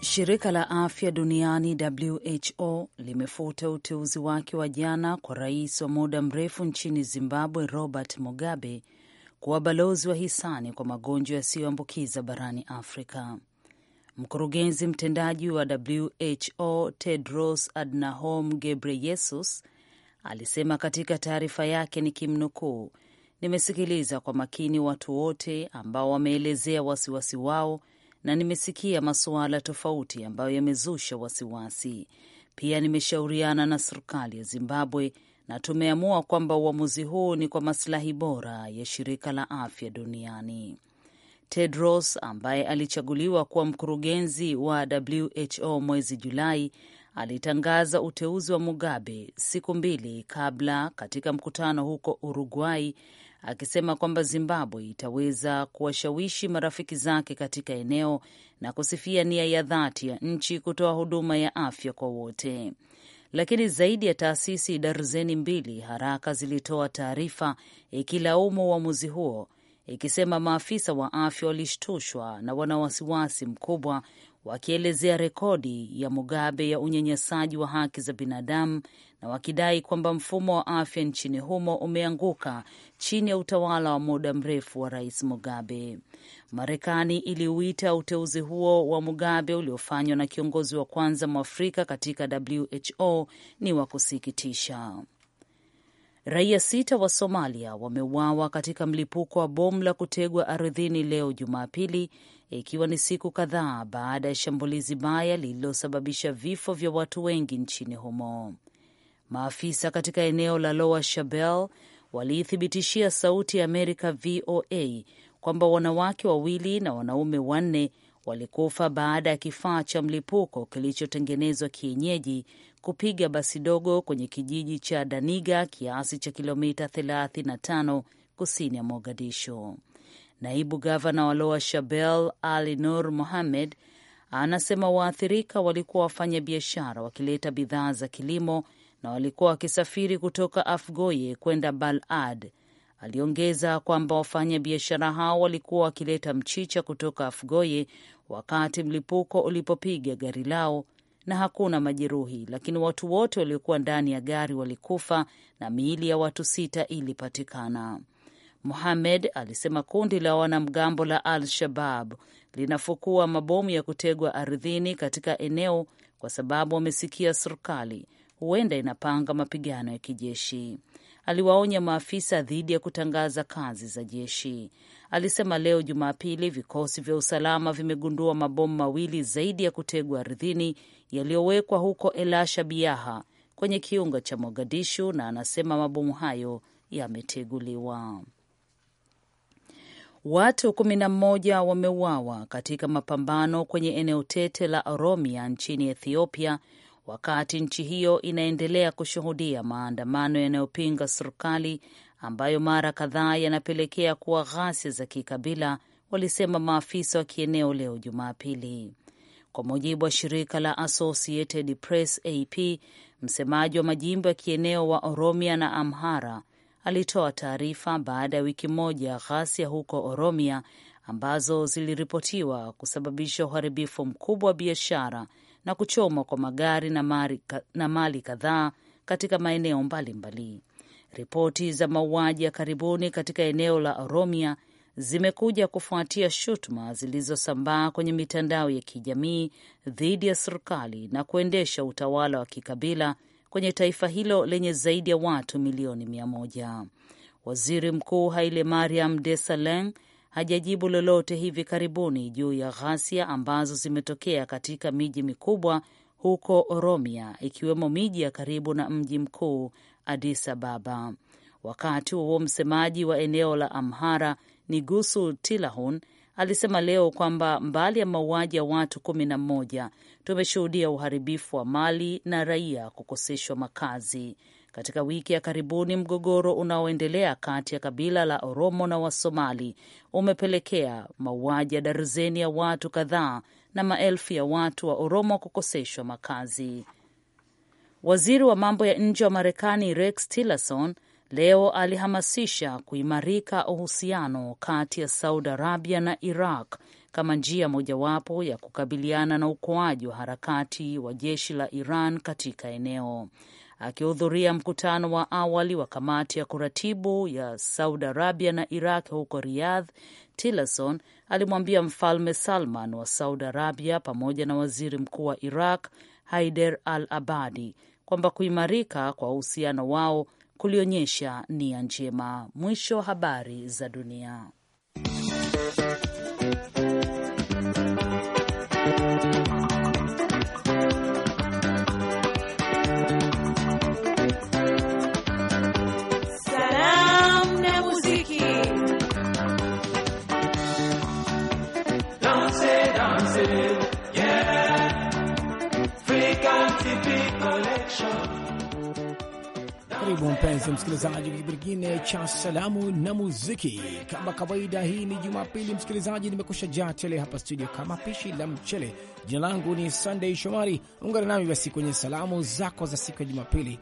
Shirika la afya duniani WHO limefuta uteuzi wake wa jana kwa rais wa muda mrefu nchini Zimbabwe Robert Mugabe kuwa balozi wa hisani kwa magonjwa yasiyoambukiza barani Afrika. Mkurugenzi mtendaji wa WHO Tedros Adhanom Ghebreyesus alisema katika taarifa yake, nikimnukuu, nimesikiliza kwa makini watu wote ambao wameelezea wasiwasi wao na nimesikia masuala tofauti ambayo yamezusha wasiwasi. Pia nimeshauriana na serikali ya Zimbabwe na tumeamua kwamba uamuzi huu ni kwa maslahi bora ya shirika la afya duniani. Tedros ambaye alichaguliwa kuwa mkurugenzi wa WHO mwezi Julai alitangaza uteuzi wa Mugabe siku mbili kabla katika mkutano huko Uruguay akisema kwamba Zimbabwe itaweza kuwashawishi marafiki zake katika eneo na kusifia nia ya dhati ya nchi kutoa huduma ya afya kwa wote. Lakini zaidi ya taasisi darzeni mbili haraka zilitoa taarifa ikilaumu uamuzi huo, ikisema maafisa wa afya walishtushwa na wana wasiwasi mkubwa, wakielezea rekodi ya Mugabe ya unyanyasaji wa haki za binadamu na wakidai kwamba mfumo wa afya nchini humo umeanguka chini ya utawala wa muda mrefu wa Rais Mugabe. Marekani iliuita uteuzi huo wa Mugabe uliofanywa na kiongozi wa kwanza Mwafrika katika WHO ni wa kusikitisha. Raia sita wa Somalia wameuawa katika mlipuko wa bomu la kutegwa ardhini leo Jumapili, ikiwa ni siku kadhaa baada ya shambulizi baya lililosababisha vifo vya watu wengi nchini humo. Maafisa katika eneo la Lower Shabelle waliithibitishia Sauti ya Amerika VOA kwamba wanawake wawili na wanaume wanne walikufa baada ya kifaa cha mlipuko kilichotengenezwa kienyeji kupiga basi dogo kwenye kijiji cha Daniga kiasi cha kilomita 35 kusini ya Mogadishu. Naibu gavana wa Loa shabel Ali Nur Mohamed anasema waathirika walikuwa wafanya biashara wakileta bidhaa za kilimo na walikuwa wakisafiri kutoka Afgoye kwenda Balad. Aliongeza kwamba wafanyabiashara hao walikuwa wakileta mchicha kutoka Afgoye wakati mlipuko ulipopiga gari lao na hakuna majeruhi, lakini watu wote waliokuwa ndani ya gari walikufa na miili ya watu sita ilipatikana. muhamed alisema kundi la wanamgambo la Al-Shabab linafukua mabomu ya kutegwa ardhini katika eneo kwa sababu wamesikia serikali huenda inapanga mapigano ya kijeshi. Aliwaonya maafisa dhidi ya kutangaza kazi za jeshi. Alisema leo Jumapili vikosi vya usalama vimegundua mabomu mawili zaidi ya kutegwa ardhini yaliyowekwa huko elasha biaha kwenye kiunga cha Mogadishu, na anasema mabomu hayo yameteguliwa. Watu kumi na mmoja wameuawa katika mapambano kwenye eneo tete la Oromia nchini Ethiopia wakati nchi hiyo inaendelea kushuhudia maandamano yanayopinga serikali ambayo mara kadhaa yanapelekea kuwa ghasia za kikabila, walisema maafisa wa kieneo leo Jumapili, kwa mujibu wa shirika la Associated Press AP. Msemaji wa majimbo ya kieneo wa Oromia na Amhara alitoa taarifa baada ya wiki moja ghasia huko Oromia ambazo ziliripotiwa kusababisha uharibifu mkubwa wa biashara na kuchomwa kwa magari na mali, na mali kadhaa katika maeneo mbalimbali. Ripoti za mauaji ya karibuni katika eneo la Oromia zimekuja kufuatia shutuma zilizosambaa kwenye mitandao ya kijamii dhidi ya serikali na kuendesha utawala wa kikabila kwenye taifa hilo lenye zaidi ya watu milioni mia moja. Waziri Mkuu Haile Mariam Desalegn hajajibu lolote hivi karibuni juu ya ghasia ambazo zimetokea katika miji mikubwa huko Oromia, ikiwemo miji ya karibu na mji mkuu Addis Ababa. Wakati huo msemaji wa eneo la Amhara Nigusu Tilahun alisema leo kwamba mbali ya mauaji ya watu kumi na mmoja tumeshuhudia uharibifu wa mali na raia kukoseshwa makazi katika wiki ya karibuni, mgogoro unaoendelea kati ya kabila la Oromo na Wasomali umepelekea mauaji ya darzeni ya watu kadhaa na maelfu ya watu wa Oromo kukoseshwa makazi. Waziri wa mambo ya nje wa Marekani Rex Tillerson leo alihamasisha kuimarika uhusiano kati ya Saudi Arabia na Iraq kama njia mojawapo ya kukabiliana na ukoaji wa harakati wa jeshi la Iran katika eneo akihudhuria mkutano wa awali wa kamati ya kuratibu ya Saudi Arabia na Iraq huko Riyadh, Tillerson alimwambia Mfalme Salman wa Saudi Arabia pamoja na waziri mkuu wa Iraq Haider al-Abadi kwamba kuimarika kwa uhusiano wao kulionyesha nia njema. Mwisho wa habari za dunia. mpenzi msikilizaji, kipindi kingine cha salamu na muziki. Kama kawaida, hii ni Jumapili msikilizaji, nimekusha jaa tele hapa studio kama pishi la mchele. Jina langu ni Sunday Shomari, ungana nami basi kwenye salamu zako za siku ya Jumapili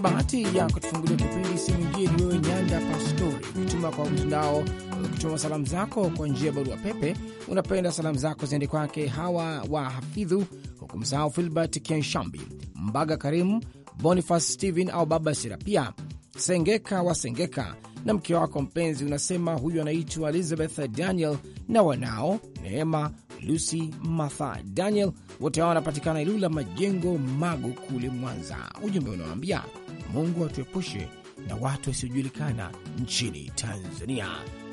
mwenye bahati ya kutufungulia kipindi si mwingine ni wewe Nyanda Pastori. kutuma kwa mtandao, ukituma salamu zako kwa njia ya barua pepe, unapenda salamu zako ziende kwake Hawa wa Hafidhu, hukumsahau Filbert Kienshambi, Mbaga Karimu, Bonifas Stephen au Baba Sirapia Sengeka wa Sengeka na mke wako mpenzi, unasema huyu anaitwa Elizabeth Daniel na wanao Neema Lucy Matha Daniel, wote hao wanapatikana Ilula Majengo Magu kule Mwanza. Ujumbe unawaambia Mungu atuepushe na watu wasiojulikana nchini Tanzania.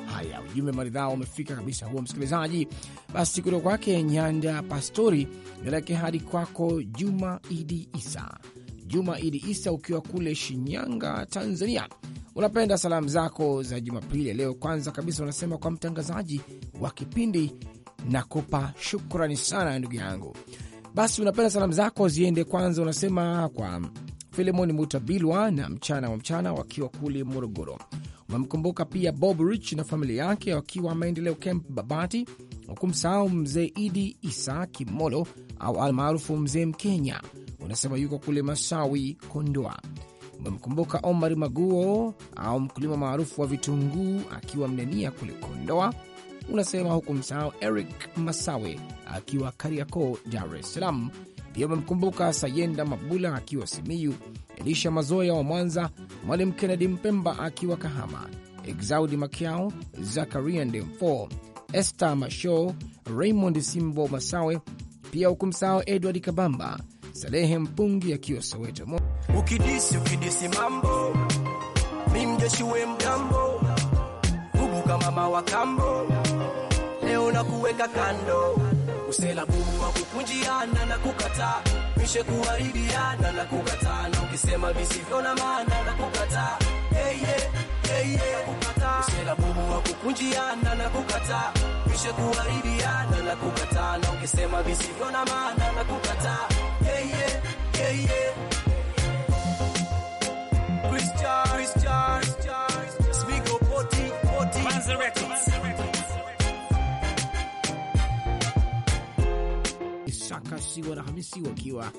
Haya, ujumbe maridhao umefika kabisa huo, msikilizaji. Basi kutoka kwake Nyanda Pastori naleke hadi kwako Juma Idi Isa. Juma Idi Isa, ukiwa kule Shinyanga, Tanzania, unapenda salamu zako za Jumapili leo. Kwanza kabisa unasema kwa mtangazaji wa kipindi nakupa shukrani sana ndugu yangu. Basi unapenda salamu zako ziende kwanza, unasema kwa Filemoni Mutabilwa na mchana wa mchana wakiwa kule Morogoro. Umemkumbuka pia Bob Rich na familia yake wakiwa maendeleo Camp Babati, wakumsahau mzee Idi Isa Kimolo au almaarufu mzee Mkenya, unasema yuko kule Masawi, Kondoa. Umemkumbuka Omar Maguo au mkulima maarufu wa vitunguu akiwa Mnenia kule Kondoa unasema huku msahau Eric Masawe akiwa Kariakoo, Dar es Salaam. Pia amemkumbuka Sayenda Mabula akiwa Simiyu, Elisha Mazoya wa Mwanza, Mwalimu Kennedi Mpemba akiwa Kahama, Exaudi Makiao, Zakaria Ndemfo, Esther Masho, Raymond Simbo Masawe, pia huku hukumsahau Edward Kabamba, Salehe Mpungi akiwa Soweto. Ukidisi ukidisi mambo we mgambo gubu kama mawakambo leo na kuweka kando, usela bubu wa kukunjiana na kukataa, mishe kuharibiana na kukataa, na ukisema visivyo na maana na kukataa hey, yeah. Yeah, usela bubu wa kukunjiana na kukataa, mishe kuharibiana na kukataa, na ukisema visivyo na maana na kukataa yeah, yeah. Yeah, yeah. Christian, Christian. Chris Charles, Spigo Poti, Poti, Manza Records. Wakasi wa Alhamisi wakiwa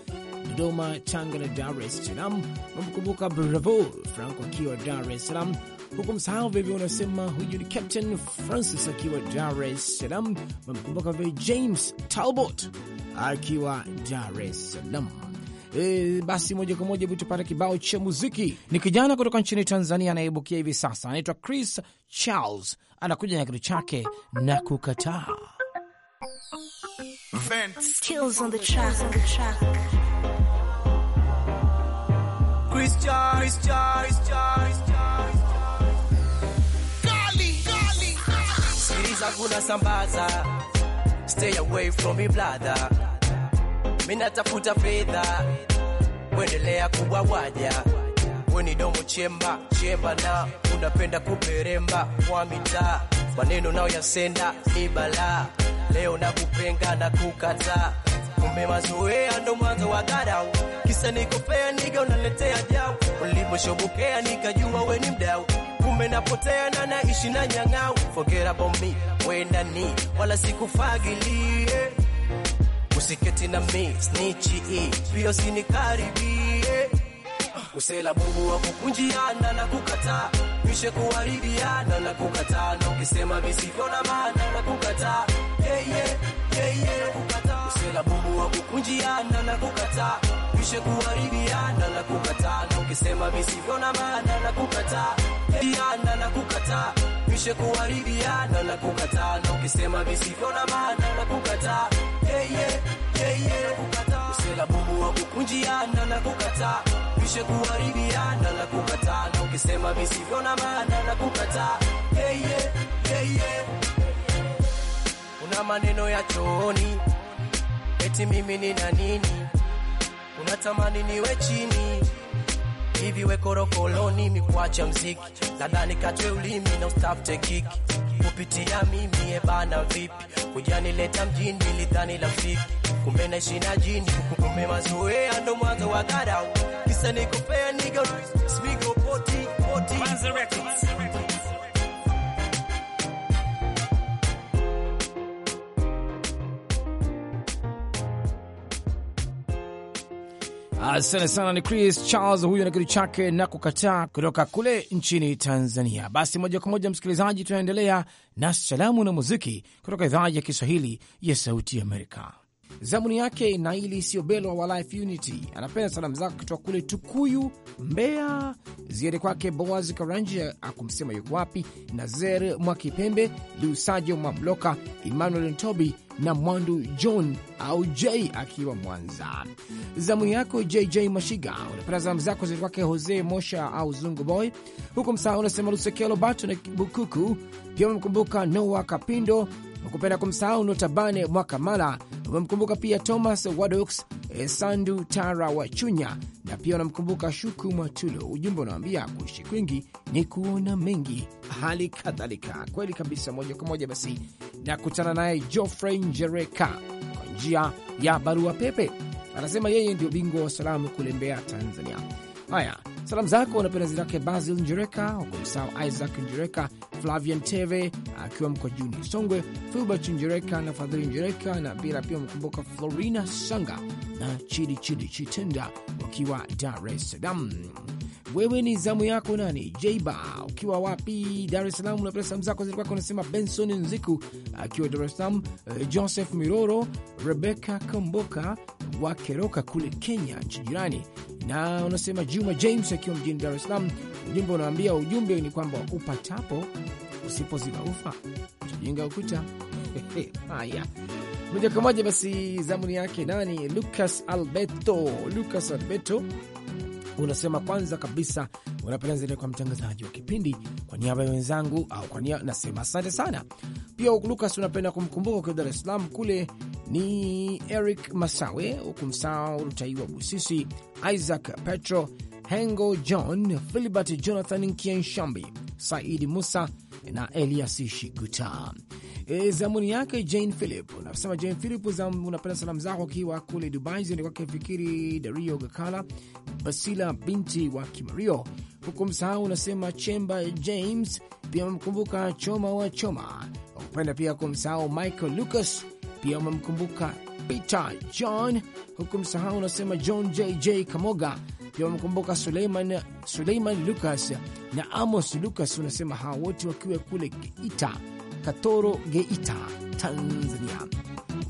Dodoma, Tanga na Dar es Salaam. Wamkumbuka Bravo Franco akiwa Dar es Salaam, huku msahau vilevile unasema huyu ni Captain Francis akiwa Dar es Salaam. Wamkumbuka vile James Talbot akiwa Dar es Salaam. E, basi moja kwa moja tupate kibao cha muziki. Ni kijana kutoka nchini Tanzania anayeibukia hivi sasa, anaitwa Chris Charles, anakuja na kitu chake na kukataa event. Skills on the track. On the track. Christian, Christian, Christian, Kali, Kali, sambaza. Stay away from me brother. Mimi fedha. Kuendelea kubwawaja. Weni domo chemba, chemba na unapenda kuperemba kwa mitaa. Maneno nao yasenda ni balaa leo nakupenga na kukataa, kumbe mazoea ndo mwanzo wa dharau. Kisa nikopea niga unaletea jau, uliposhobokea nikajua we ni mdau, kumbe napotea na naishi na nyang'au. Forget about me, wenda ni wala sikufagilie, usiketi na mi snichi pia usinikaribie, usela bubu wa kukunjiana na kukata mishe kuharibiana na kukata, na ukisema visivyo na maana na kukata Silabubu wa kukunjiana na kukataa, kisha kuharibiana na kukataa, na ukisema visivyo na maana na kukataa, iana na kukataa, kisha kuharibiana na kukataa, na ukisema visivyo na maana na kukataa, silabubu wa kukunjiana na kukataa, kisha kuharibiana na kukataa, na ukisema visivyo na maana na kukataa, yeah, yeah, yeah, na maneno ya chooni, eti mimi nina nini? Unatamani niwe chini hivi, we korokoloni, mikuacha mziki, nadhani katwe ulimi na ustafute kiki kupitia mimi ebana, vipi kujanileta mjini, la mziki kumbe naishi na jini, kumbe mazoea ndo mwanzo wa dharau, kisa nikupea nigo, smigo poti poti Asante sana, ni Chris Charles huyo na kitu chake na kukataa kutoka kule nchini Tanzania. Basi moja kwa moja, msikilizaji, tunaendelea na salamu na muziki kutoka idhaa ya Kiswahili ya Sauti Amerika. Zamuni yake Naili Siobelwa wa Life Unity anapenda salamu zako kutoka kule Tukuyu, Mbeya, ziende kwake Boaz Karanji akumsema yuko wapi, Nazer Mwakipembe, Lusajo Mamloka, Emmanuel Ntobi na Mwandu John au J akiwa Mwanza. Zamu yako JJ Mashiga, unapenda zamu zako zili kwake Jose Mosha au Zungu Boy huku msaa, unasema Lusekelo Bato na Bukuku. Pia umemkumbuka Noa Kapindo, ukupenda kumsahau Notabane Mwakamala. Umemkumbuka pia Thomas Wadox Sandu Tara wa Chunya na pia wanamkumbuka Shuku Mwatulo. Ujumbe unawaambia kuishi kwingi ni kuona mengi, hali kadhalika. Kweli kabisa, moja kwa moja basi na kutana naye Geoffrey Njereka kwa njia ya barua pepe. Anasema yeye ndio bingwa wa salamu kule Mbeya, Tanzania. Haya, Salamu zako unapenda pendazi Basil Njereka ukumsao Isaac Njereka, Flavian Teve akiwa mko juni Songwe, Filbert Njereka na Fadhili Njereka na bila pia mkumbuka Florina Sanga na Chidi Chidi Chitenda wakiwa Dar es Salaam. Wewe ni zamu yako nani? Jeiba ukiwa wapi? Dar es Salaam. salamu zako zile kwako, unasema Benson Nziku akiwa Dar es Salaam, eh, Joseph Miroro, Rebeka Komboka wakeroka kule Kenya, nchi jirani na unasema Juma James akiwa mjini Dar es Salaam, ujumbe unaambia, ujumbe ni kwamba upatapo usipoziba ufa utajenga ukuta. Haya, moja kwa moja basi, zamuni yake nani? Lucas Alberto, Lucas Alberto unasema kwanza kabisa unapenda kwa mtangazaji wa kipindi. Kwa niaba ya wenzangu au kwa niaba nasema asante sana. Pia Lukas unapenda kumkumbuka kwa Dar es Salaam kule ni Eric Masawe, huku msao Rutaiwa Busisi, Isaac Petro, Hengo John, Filibert Jonathan Kienshambi, Saidi Musa na Elias Shiguta. E, zamuni yake Jane Philip unasema, Jane Philip unapenda salamu zako akiwa kule Dubai ziende kwake Fikiri Dario Gakala, Basila binti wa Kimario, huku msahau unasema Chemba James, pia amemkumbuka Choma wa Choma, wakupenda pia kumsahau Michael Lucas pia umemkumbuka Peter John, huku msahau unasema John JJ Kamoga. Pia umemkumbuka Suleiman, Suleiman Lucas na Amos Lucas, unasema hawa wote wakiwa kule Geita, Katoro, Geita, Tanzania.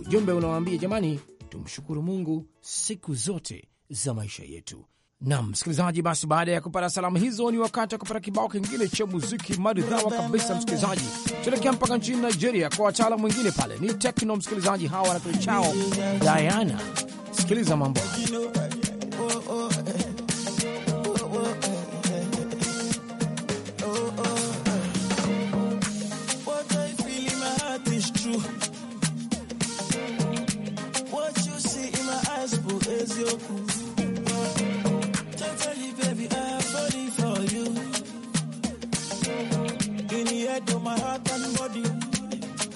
Ujumbe unawaambia jamani, tumshukuru Mungu siku zote za maisha yetu. Nam msikilizaji, basi baada ya kupata salamu hizo, ni wakati wa kupata kibao kingine cha muziki maridhawa kabisa. Msikilizaji, tuelekea mpaka nchini Nigeria kwa wataalam wengine pale ni tekno. Msikilizaji, hawa na chao Diana. Sikiliza mambo right to my heart and body.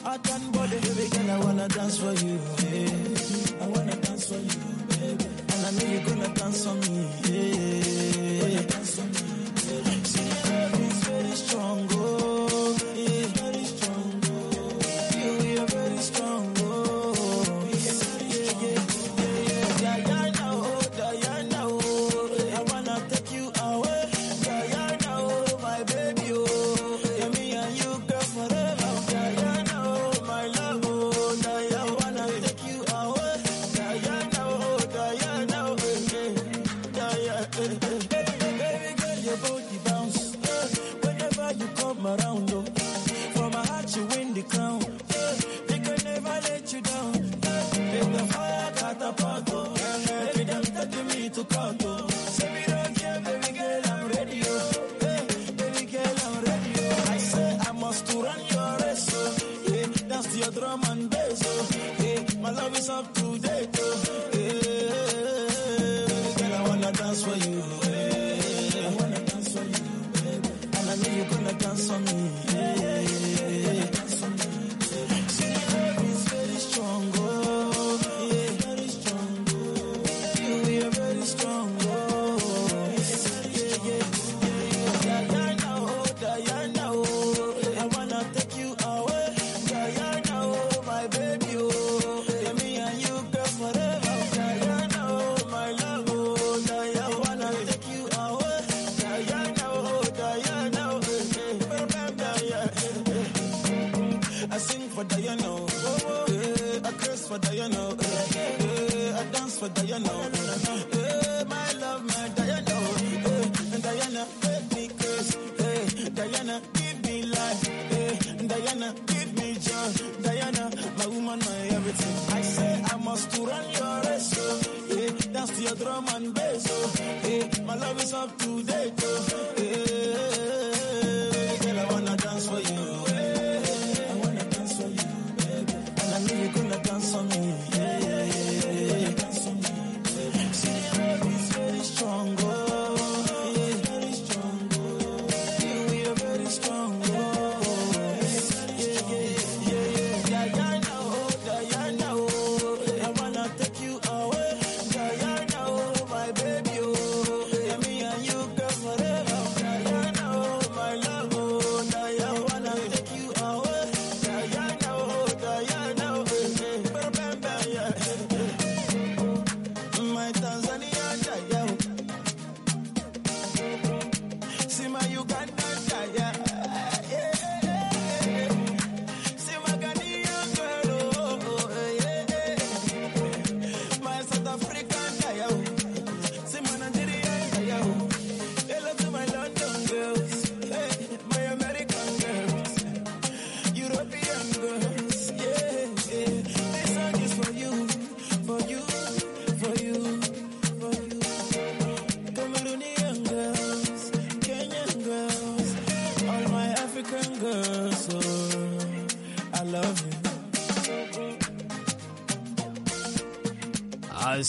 Heart and body, baby girl, I wanna dance for you. Yeah. I wanna dance for you, baby. And I know you're gonna dance for me. Yeah. Dance for me. See, love is very strong, oh. I must run up to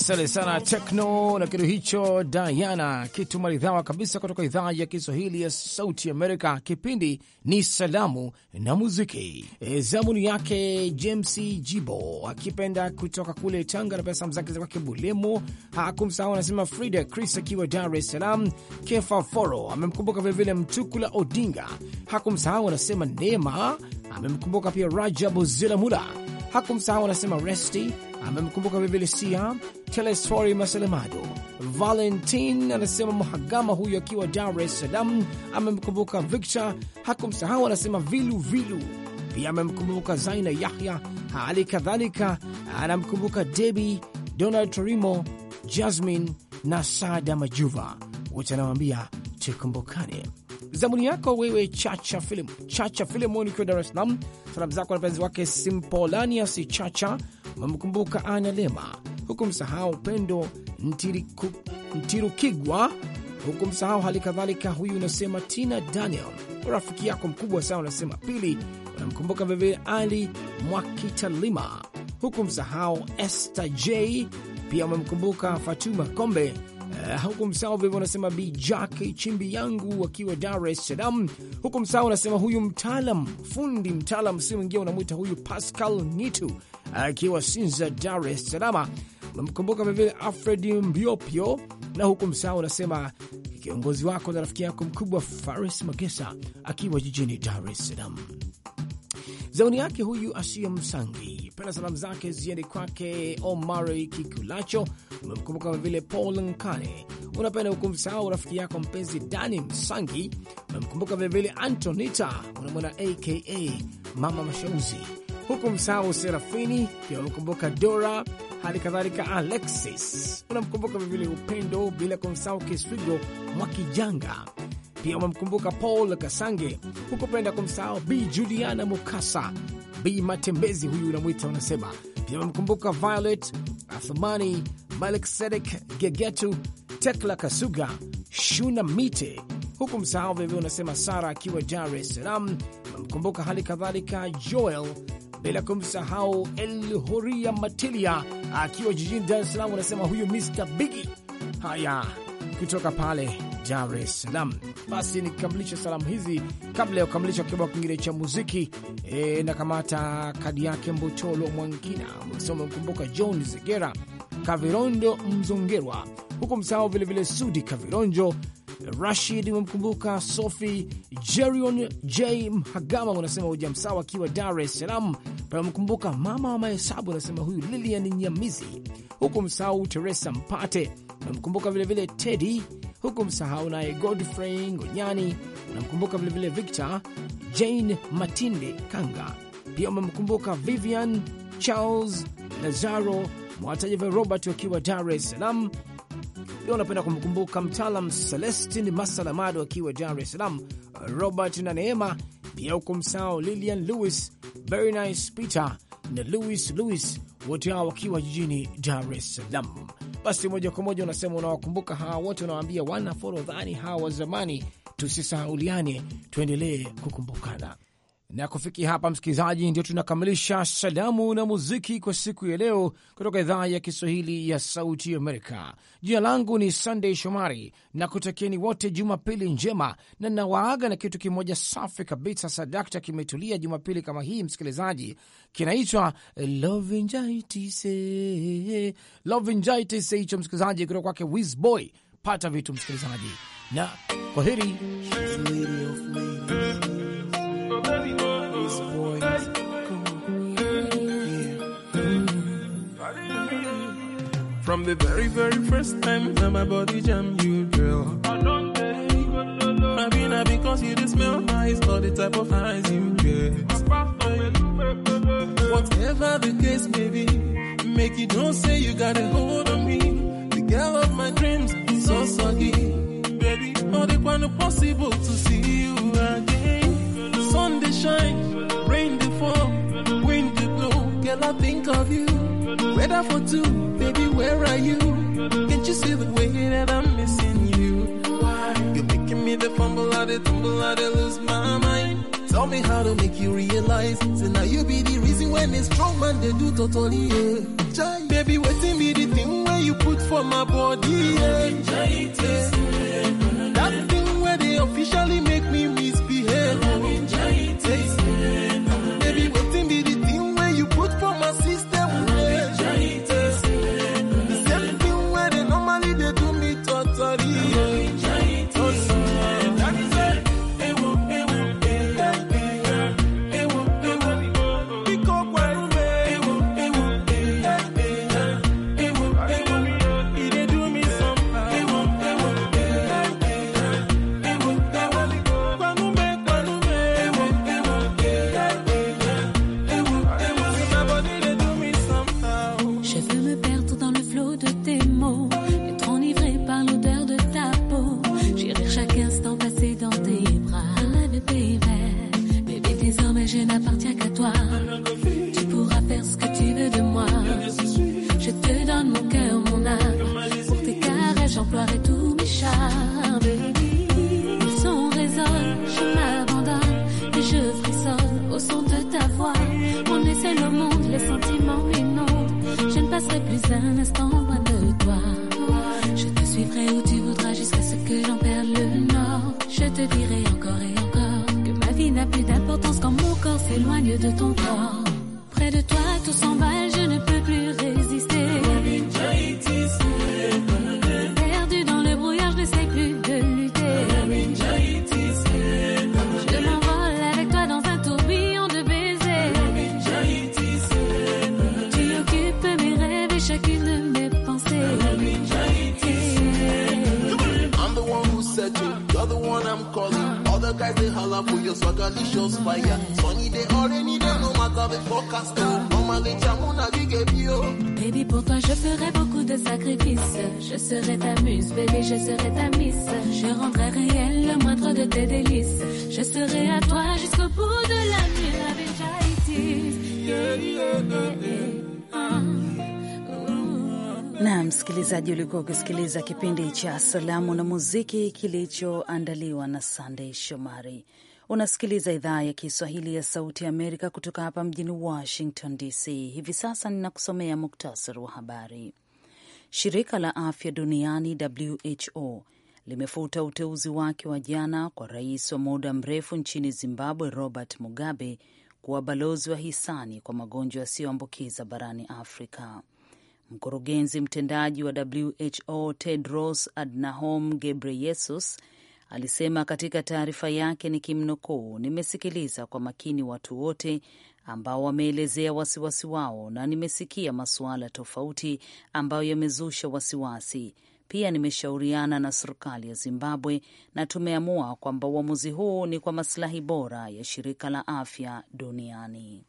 Asante sana Tekno na kitu hicho Diana, kitu maridhawa kabisa kutoka idhaa ya Kiswahili ya Sauti Amerika. Kipindi ni Salamu na Muziki. E, zamuni yake James Jibo akipenda kutoka kule Tanga na pesa mzake za kwake Bulemo. Hakumsahau anasema Frida Chris akiwa Dar es Salaam. Kefa Foro amemkumbuka vilevile, Mtukula Odinga hakumsahau, anasema Neema amemkumbuka pia, Rajab Zilamula hakumsahau, anasema Resti amemkumbuka vilevile Sia Telesfori Maselemado. Valentin anasema Mhagama huyo akiwa Dar es Salaam amemkumbuka Victor, hakumsahau anasema Vilu Vilu pia amemkumbuka Zaina Yahya, hali kadhalika anamkumbuka Debi Donald Torimo, Jasmine na Sada Majuva, wote anawambia tukumbukane. Zamuni yako wewe Chacha Filemon, Chacha Filemon ukiwa Dar es Salaam, salamu zako na penzi wake Simpolanias Chacha mamkumbuka ana Lema, huku msahau pendo Ntirukigwa, huku msahau hali kadhalika, huyu unasema Tina Daniel, rafiki yako mkubwa sana, unasema Pili, unamkumbuka vilevile Ali Mwakitalima, huku msahau Esther J, pia umemkumbuka Fatuma Kombe Eh, huku msao vivyo unasema Bi Jack chimbi yangu akiwa Dar es Salaam. Huku msao unasema huyu mtaalam fundi mtaalam, si mwingine unamwita huyu Pascal Nitu akiwa Sinza, Dar es Salaam. Unamkumbuka vilevile Alfred Mbiopio, na huku msao unasema kiongozi wako na rafiki yako mkubwa Faris Magesa akiwa jijini Dar es Salaam. Zauni yake huyu Asia Msangi Pena salamu zake ziende kwake Omari Kikulacho, umemkumbuka kama vile Paul Nkane, unapenda hukumsahau rafiki yako mpenzi Dani Msangi, umemkumbuka vilevile Antonita, unamwona aka Mama Mashauzi, huku msahau Serafini, pia umemkumbuka Dora, hali kadhalika Alexis, unamkumbuka vilevile Upendo, bila kumsahau Kiswigo Mwakijanga pia umemkumbuka Paul Kasange, hukupenda kumsahau Bi Juliana Mukasa, b Matembezi huyu unamwita unasema pia amemkumbuka Violet Athumani, Malik Sedek, Gegetu Tekla Kasuga, Shuna Mite, huku msahau vilevile unasema Sara akiwa Dar es Salaam amemkumbuka hali kadhalika Joel, bila kumsahau Elhoria Matilia akiwa jijini Dar es Salaam, unasema huyu Mr Bigi. Haya, kutoka pale Dar es Salaam. Basi nikikamilisha salamu hizi, kabla ya kukamilisha kibao kingine cha muziki e, nakamata kadi yake Mbotolo Mwangina umesema mkumbuka John Zegera Kavirondo Mzongerwa huku msahau vilevile Sudi Kavironjo Rashid umemkumbuka Sofi Jerion J Mhagama, unasema uja msawa akiwa Dar es Salaam. Pamemkumbuka mama wa mahesabu, unasema huyu Lilian Nyamizi, huku msahau Teresa Mpate, unamkumbuka vilevile Tedi huku msahau naye Godfrey Ngonyani. Unamkumbuka vilevile Victor Jane Matinde Kanga, pia umemkumbuka Vivian Charles Lazaro vya Robert wakiwa Dar es Salaam. Pia unapenda kumkumbuka mtaalam Celestin Masalamado akiwa Dar es Salaam, Robert na Neema, pia huku msahau Lilian Lewis, Bernice Peter na Louis Louis, wote hao wakiwa jijini Dar es Salaam basi moja kwa moja unasema unawakumbuka hawa wote, unawaambia wana Forodhani hawa wa zamani, tusisahauliane, tuendelee kukumbukana. Na kufikia hapa, msikilizaji, ndio tunakamilisha salamu na muziki kwa siku ya leo kutoka idhaa ya Kiswahili ya Sauti Amerika. Jina langu ni sandey Shomari na kutakieni wote Jumapili njema, na nawaaga na kitu kimoja safi kabisa, sadakta kimetulia Jumapili kama hii, msikilizaji, kinaitwa Lovinjaitise. Lovinjaitise hicho msikilizaji, kutoka kwake Wizboy. Pata vitu msikilizaji, na kwaheri. the very, very first time that my body jam you, girl. I don't I been I because you smell nice, all the type of eyes you get. Whatever the case may be, make you don't say you got a hold on me. The girl of my dreams so soggy. Baby, all the one possible to see you again. Sun they shine, rain they fall, wind they blow. Girl, I think of you. Whether for two, baby, where are you? Can't you see the way that I'm missing you? Why? You're making me the fumble out, the tumble out, of lose my mind. Tell me how to make you realize. So now you be the reason when it's strong, man, they do totally, yeah. Jai. Baby, what's me the thing where you put for my body, yeah. yeah. That thing where they officially make de ton corps. Près de toi, tout s'emballe, je ne peux plus résister. Perdu dans le brouillard, je ne sais plus de lutter. Je m'envole avec toi dans un tourbillon de baisers. Tu occupes mes rêves et chacune de mes pensées. I'm the one who said you, you're the one I'm calling. All the guys they holler for your swagger, shows fire. Sunny they already Baby, pour toi, je ferai beaucoup de sacrifices. Je serai ta muse, baby, je serai ta miss. Je rendrai réel le moindre de tes délices. Je serai à toi jusqu'au bout de la nuit, avec na msikilizaji, ulikuwa ukisikiliza kipindi cha salamu na muziki kilichoandaliwa na Sandey Shomari. Unasikiliza idhaa ya Kiswahili ya Sauti ya Amerika kutoka hapa mjini Washington DC. Hivi sasa ninakusomea muktasari wa habari. Shirika la Afya Duniani WHO limefuta uteuzi wake wa jana kwa rais wa muda mrefu nchini Zimbabwe Robert Mugabe kuwa balozi wa hisani kwa magonjwa yasiyoambukiza barani Afrika. Mkurugenzi mtendaji wa WHO Tedros Adhanom Ghebreyesus alisema katika taarifa yake, ni kimnukuu nimesikiliza kwa makini watu wote ambao wameelezea wasiwasi wao na nimesikia masuala tofauti ambayo yamezusha wasiwasi. Pia nimeshauriana na serikali ya Zimbabwe na tumeamua kwamba uamuzi huu ni kwa masilahi bora ya shirika la afya duniani.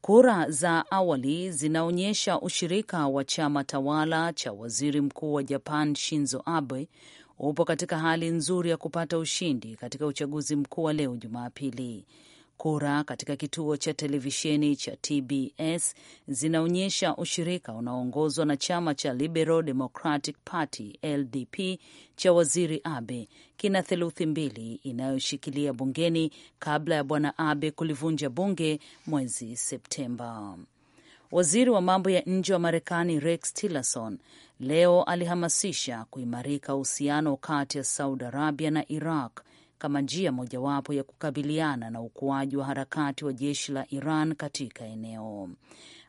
Kura za awali zinaonyesha ushirika wa chama tawala cha waziri mkuu wa Japan Shinzo Abe upo katika hali nzuri ya kupata ushindi katika uchaguzi mkuu wa leo Jumapili. Kura katika kituo cha televisheni cha TBS zinaonyesha ushirika unaoongozwa na chama cha Liberal Democratic Party LDP cha waziri Abe kina theluthi mbili inayoshikilia bungeni kabla ya bwana Abe kulivunja bunge mwezi Septemba. Waziri wa mambo ya nje wa Marekani Rex Tillerson leo alihamasisha kuimarika uhusiano kati ya Saudi Arabia na Iraq kama njia mojawapo ya kukabiliana na ukuaji wa harakati wa jeshi la Iran katika eneo.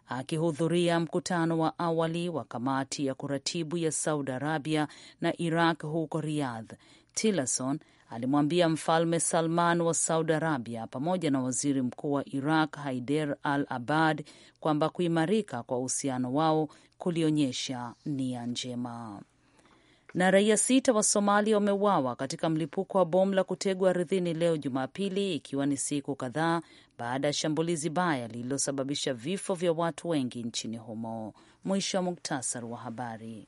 Akihudhuria mkutano wa awali wa kamati ya kuratibu ya Saudi Arabia na Iraq huko Riyadh, Tillerson alimwambia Mfalme Salman wa Saudi Arabia pamoja na waziri mkuu wa Iraq Haider al Abad kwamba kuimarika kwa uhusiano wao kulionyesha nia njema. Na raia sita wa Somalia wameuawa katika mlipuko wa bomu la kutegwa ardhini leo Jumapili, ikiwa ni siku kadhaa baada ya shambulizi baya lililosababisha vifo vya watu wengi nchini humo. Mwisho wa muktasar wa habari.